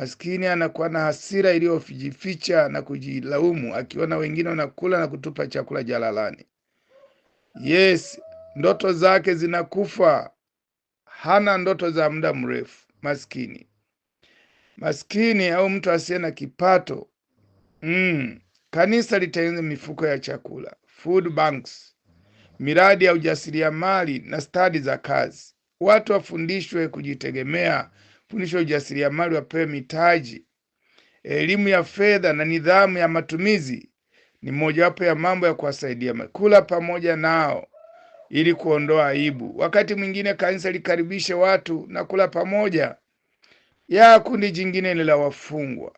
Maskini anakuwa na hasira iliyojificha na kujilaumu, akiona wengine wanakula na kutupa chakula jalalani. Yes, ndoto zake zinakufa. Hana ndoto za muda mrefu. Maskini, maskini au mtu asiye na kipato mm. Kanisa litaenza mifuko ya chakula, food banks, miradi ya ujasiriamali na stadi za kazi. Watu wafundishwe kujitegemea fundisho ujasiriamali wapewe mitaji. Elimu ya fedha na nidhamu ya matumizi ni mojawapo ya mambo ya kuwasaidia. Kula pamoja nao ili kuondoa aibu. Wakati mwingine kanisa likaribishe watu na kula pamoja. Ya kundi jingine ni la wafungwa.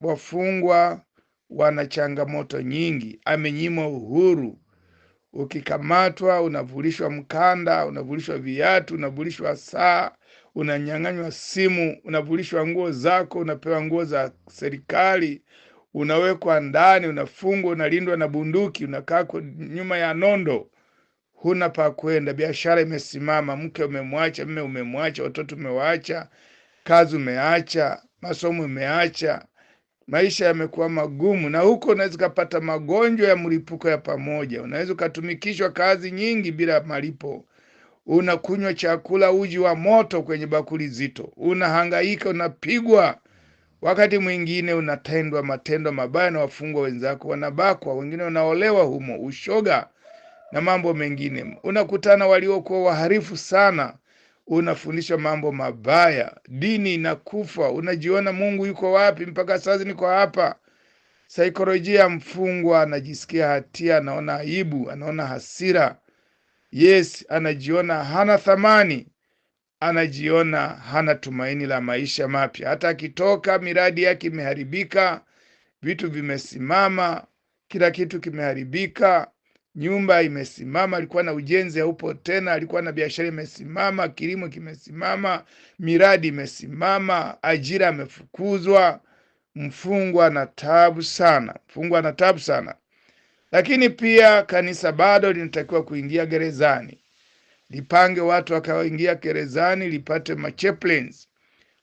Wafungwa wana changamoto nyingi, amenyimwa uhuru. Ukikamatwa unavulishwa mkanda, unavulishwa viatu, unavulishwa saa, unanyang'anywa simu, unavulishwa nguo zako, unapewa nguo za serikali, unawekwa ndani, unafungwa, unalindwa na bunduki, unakaa nyuma ya nondo, huna pa kwenda, biashara imesimama, mke umemwacha, mme umemwacha, watoto umewaacha, kazi umeacha, masomo umeacha, maisha yamekuwa magumu, na huko unaweza ukapata magonjwa ya mlipuko ya pamoja. Unaweza ukatumikishwa kazi nyingi bila malipo unakunywa chakula uji wa moto kwenye bakuli zito, unahangaika, unapigwa, wakati mwingine unatendwa matendo mabaya na wafungwa wenzako, wanabakwa, wengine wanaolewa humo, ushoga na mambo mengine. Unakutana waliokuwa waharifu sana, unafundishwa mambo mabaya, dini inakufa. Unajiona Mungu yuko wapi? Mpaka sasa niko hapa. Saikolojia ya mfungwa, anajisikia hatia, anaona aibu, anaona hasira Yes, anajiona hana thamani, anajiona hana tumaini la maisha mapya. Hata akitoka miradi yake imeharibika, vitu vimesimama, kila kitu kimeharibika, nyumba imesimama, alikuwa na ujenzi haupo tena, alikuwa na biashara imesimama, kilimo kimesimama, miradi imesimama, ajira amefukuzwa. Mfungwa ana taabu sana, mfungwa ana taabu sana. Lakini pia kanisa bado linatakiwa kuingia gerezani, lipange watu wakaingia gerezani, lipate machaplains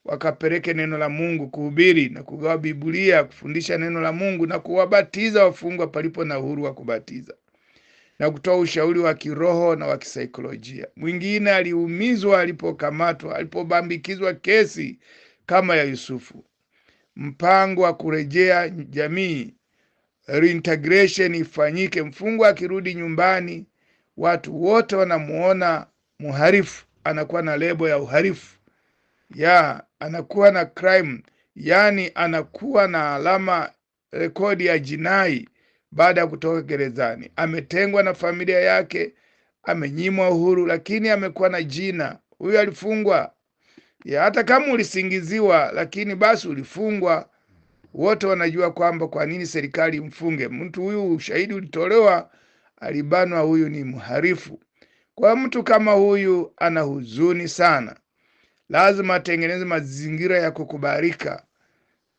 wakapeleke neno la Mungu, kuhubiri na kugawa Biblia, kufundisha neno la Mungu na kuwabatiza wafungwa palipo na uhuru wa kubatiza na kutoa ushauri wa kiroho na wa kisaikolojia. Mwingine aliumizwa alipokamatwa, alipobambikizwa kesi kama ya Yusufu. Mpango wa kurejea jamii reintegration ifanyike. Mfungwa akirudi nyumbani, watu wote wanamuona muharifu, anakuwa na lebo ya uharifu ya anakuwa na crime, yani anakuwa na alama, rekodi ya jinai baada ya kutoka gerezani. Ametengwa na familia yake, amenyimwa uhuru, lakini amekuwa na jina, huyu alifungwa. Ya hata kama ulisingiziwa, lakini basi ulifungwa wote wanajua kwamba kwa nini serikali mfunge mtu huyu. Ushahidi ulitolewa, alibanwa, huyu ni mharifu. Kwa mtu kama huyu ana huzuni sana, lazima atengeneze mazingira ya kukubalika.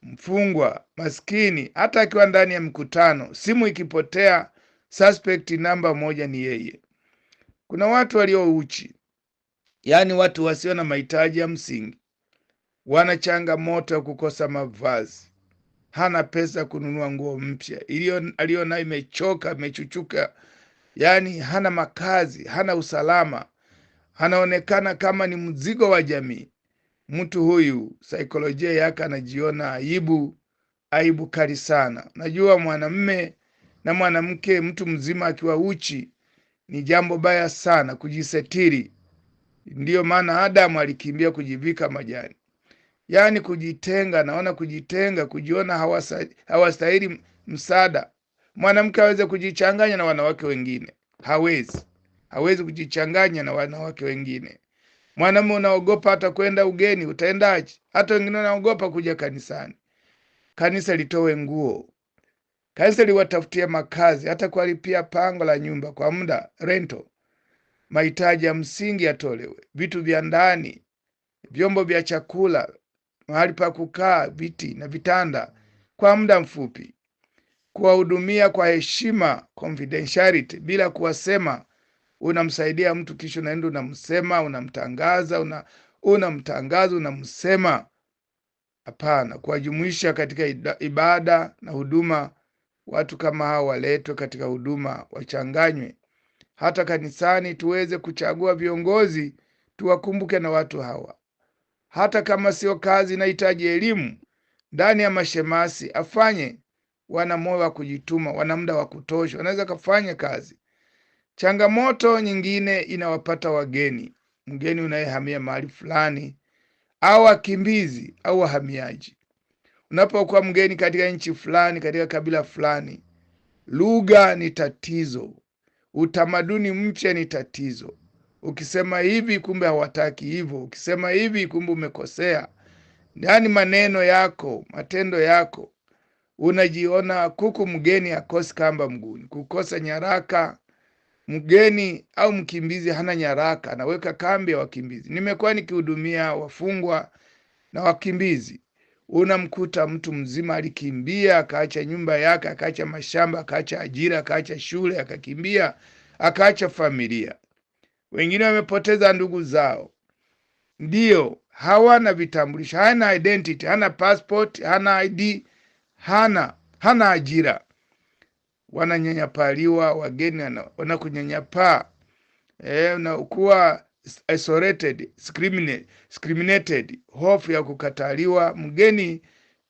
Mfungwa maskini, hata akiwa ndani ya mkutano, simu ikipotea, suspect namba moja ni yeye. Kuna watu walio uchi, yaani watu wasio na mahitaji ya msingi, wana changamoto ya kukosa mavazi hana pesa kununua nguo mpya, aliyo nayo imechoka, imechuchuka, yaani hana makazi, hana usalama, anaonekana kama ni mzigo wa jamii. Mtu huyu saikolojia yake anajiona aibu, aibu kali sana. Najua mwanamme na mwanamke, mtu mzima akiwa uchi ni jambo baya sana, kujisetiri. Ndiyo maana Adamu alikimbia kujivika majani yaani kujitenga, naona kujitenga, kujiona hawastahili msaada. Mwanamke aweze kujichanganya na wanawake wengine? Hawezi, hawezi kujichanganya na wanawake wengine. Mwanamume unaogopa hata kwenda ugeni, utaendaje? Hata wengine wanaogopa kuja kanisani. Kanisa litowe nguo, kanisa liwatafutia makazi, hata kuwalipia pango la nyumba kwa muda rento. Mahitaji ya msingi yatolewe, vitu vya ndani, vyombo vya chakula, mahali pa kukaa, viti na vitanda kwa muda mfupi, kuwahudumia kwa heshima, confidentiality, bila kuwasema unamsaidia mtu kisha unaenda unamsema, unamtangaza, una unamtangaza, unamsema. Hapana, kuwajumuisha katika ibada na huduma. Watu kama hao waletwe katika huduma, wachanganywe hata kanisani, tuweze kuchagua viongozi, tuwakumbuke na watu hawa hata kama sio kazi inahitaji elimu ndani ya mashemasi afanye. Wana moyo wa kujituma, wana muda wa kutosha, wanaweza kafanya kazi. Changamoto nyingine inawapata wageni, mgeni unayehamia mahali fulani, au wakimbizi au wahamiaji. Unapokuwa mgeni katika nchi fulani, katika kabila fulani, lugha ni tatizo, utamaduni mpya ni tatizo. Ukisema hivi kumbe hawataki hivyo, ukisema hivi kumbe umekosea. Ndani maneno yako, matendo yako, unajiona kuku mgeni akosi kamba mguni kukosa nyaraka. Mgeni au mkimbizi hana nyaraka, anaweka kambi ya wakimbizi. Nimekuwa nikihudumia wafungwa na wakimbizi, unamkuta mtu mzima alikimbia, akaacha nyumba yake, akaacha mashamba, akaacha ajira, akaacha shule, akakimbia, akaacha familia wengine wamepoteza ndugu zao, ndio hawana vitambulisho, hana identity, hana passport, hana ID, hana hana ajira, wananyanyapaliwa, wageni wanakunyanyapaa, e, eh, unakuwa isolated, discriminated, hofu ya kukataliwa. Mgeni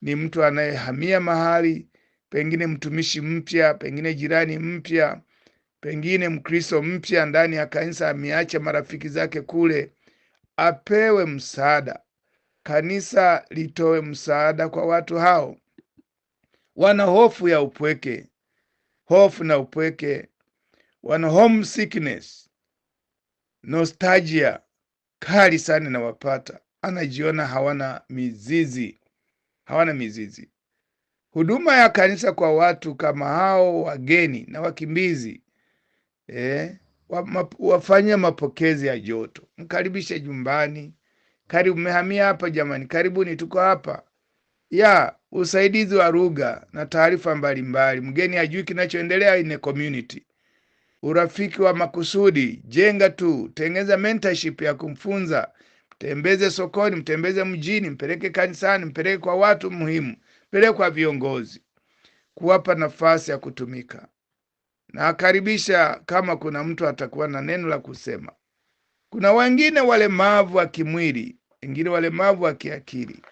ni mtu anayehamia mahali pengine, mtumishi mpya, pengine jirani mpya Pengine Mkristo mpya ndani ya kanisa ameacha marafiki zake kule, apewe msaada. Kanisa litoe msaada kwa watu hao. Wana hofu ya upweke, hofu na upweke, wana homesickness, nostalgia kali sana inawapata, anajiona hawana mizizi, hawana mizizi. Huduma ya kanisa kwa watu kama hao, wageni na wakimbizi, eh, wafanye mapokezi ya joto, mkaribishe jumbani. Karibu mmehamia hapa jamani, karibuni, tuko hapa ya usaidizi wa lugha na taarifa mbalimbali. Mgeni ajui kinachoendelea in a community. Urafiki wa makusudi, jenga tu, tengeza mentorship ya kumfunza. Mtembeze sokoni, mtembeze mjini, mpeleke kanisani, mpeleke kwa watu muhimu, mpeleke kwa viongozi, kuwapa nafasi ya kutumika nakaribisha kama kuna mtu atakuwa na neno la kusema. Kuna wengine walemavu wa kimwili, wengine walemavu wa kiakili,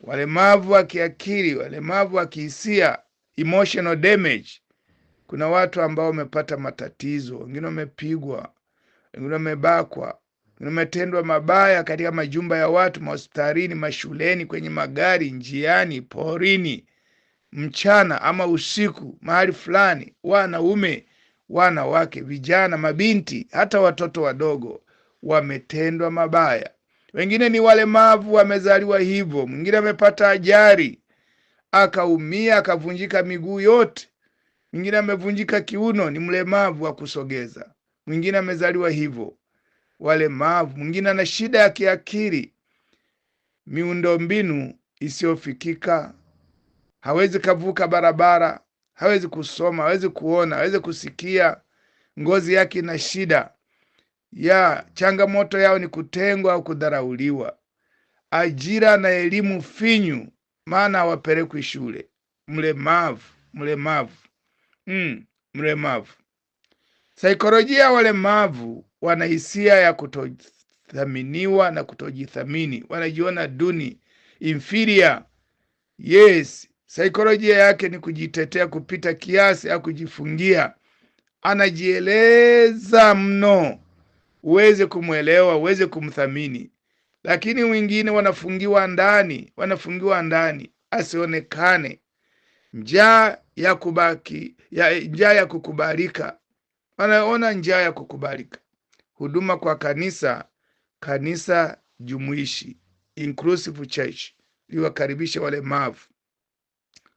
walemavu wa kiakili, walemavu wa kihisia, emotional damage. Kuna watu ambao wamepata matatizo, wengine wamepigwa, wengine wamebakwa, wengine wametendwa mabaya katika majumba ya watu, mahospitalini, mashuleni, kwenye magari, njiani, porini mchana ama usiku mahali fulani, wanaume, wanawake, vijana, mabinti, hata watoto wadogo wametendwa mabaya. Wengine ni walemavu, wamezaliwa hivyo. Mwingine amepata ajali akaumia akavunjika miguu yote. Mwingine amevunjika kiuno, ni mlemavu wa kusogeza. Mwingine amezaliwa hivyo, walemavu. Mwingine ana shida ya kiakili, miundombinu isiyofikika hawezi kavuka barabara, hawezi kusoma, hawezi kuona, hawezi kusikia, ngozi yake ina shida ya changamoto yao ni kutengwa au kudharauliwa, ajira na elimu finyu, maana hawapelekwi shule. Mlemavu, mlemavu, mm, mlemavu. Saikolojia ya walemavu, wana hisia ya kutothaminiwa na kutojithamini, wanajiona duni, inferior. Yes, Saikolojia yake ni kujitetea kupita kiasi au kujifungia. Anajieleza mno, uweze kumwelewa, uweze kumthamini. Lakini wengine wanafungiwa ndani, wanafungiwa ndani, asionekane. Njaa ya kubaki ya, njaa ya kukubalika, wanaona njaa ya kukubalika. Huduma kwa kanisa, kanisa jumuishi, inclusive church, liwakaribishe walemavu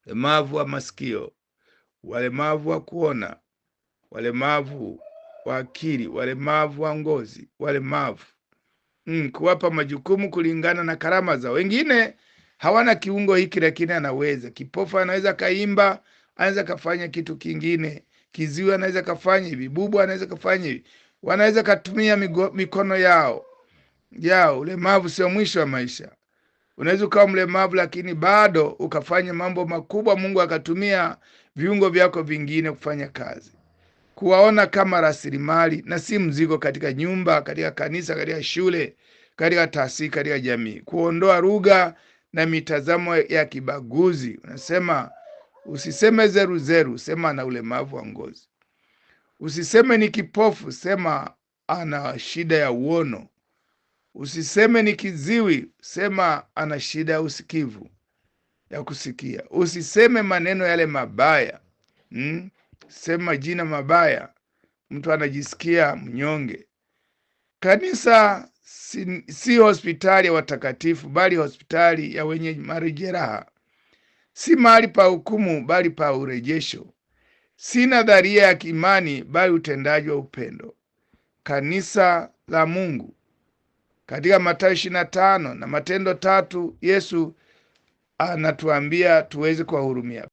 walemavu wa masikio, walemavu wa kuona, walemavu wa akili, walemavu wa ngozi, walemavu mm, kuwapa majukumu kulingana na karama zao. Wengine hawana kiungo hiki, lakini anaweza. Kipofu anaweza kaimba, anaweza kafanya kitu kingine. Kiziwi anaweza kafanya hivi, bubu anaweza kafanya hivi. Wanaweza katumia migo, mikono yao yao. Ulemavu sio mwisho wa maisha. Unaweza ukawa mlemavu, lakini bado ukafanya mambo makubwa. Mungu akatumia viungo vyako vingine kufanya kazi, kuwaona kama rasilimali na si mzigo, katika nyumba, katika kanisa, katika shule, katika taasisi, katika jamii, kuondoa lugha na mitazamo ya kibaguzi. Unasema usiseme zeruzeru, sema ana ulemavu wa ngozi. Usiseme ni kipofu, sema ana shida ya uono. Usiseme ni kiziwi, sema ana shida ya usikivu, ya kusikia. Usiseme maneno yale mabaya hmm? Sema jina mabaya, mtu anajisikia mnyonge. Kanisa si, si hospitali ya watakatifu, bali hospitali ya wenye majeraha. Si mahali pa hukumu, bali pa urejesho. Si nadharia ya kiimani, bali utendaji wa upendo. Kanisa la Mungu katika Mathayo ishirini na tano na Matendo tatu Yesu anatuambia tuweze kuwahurumia.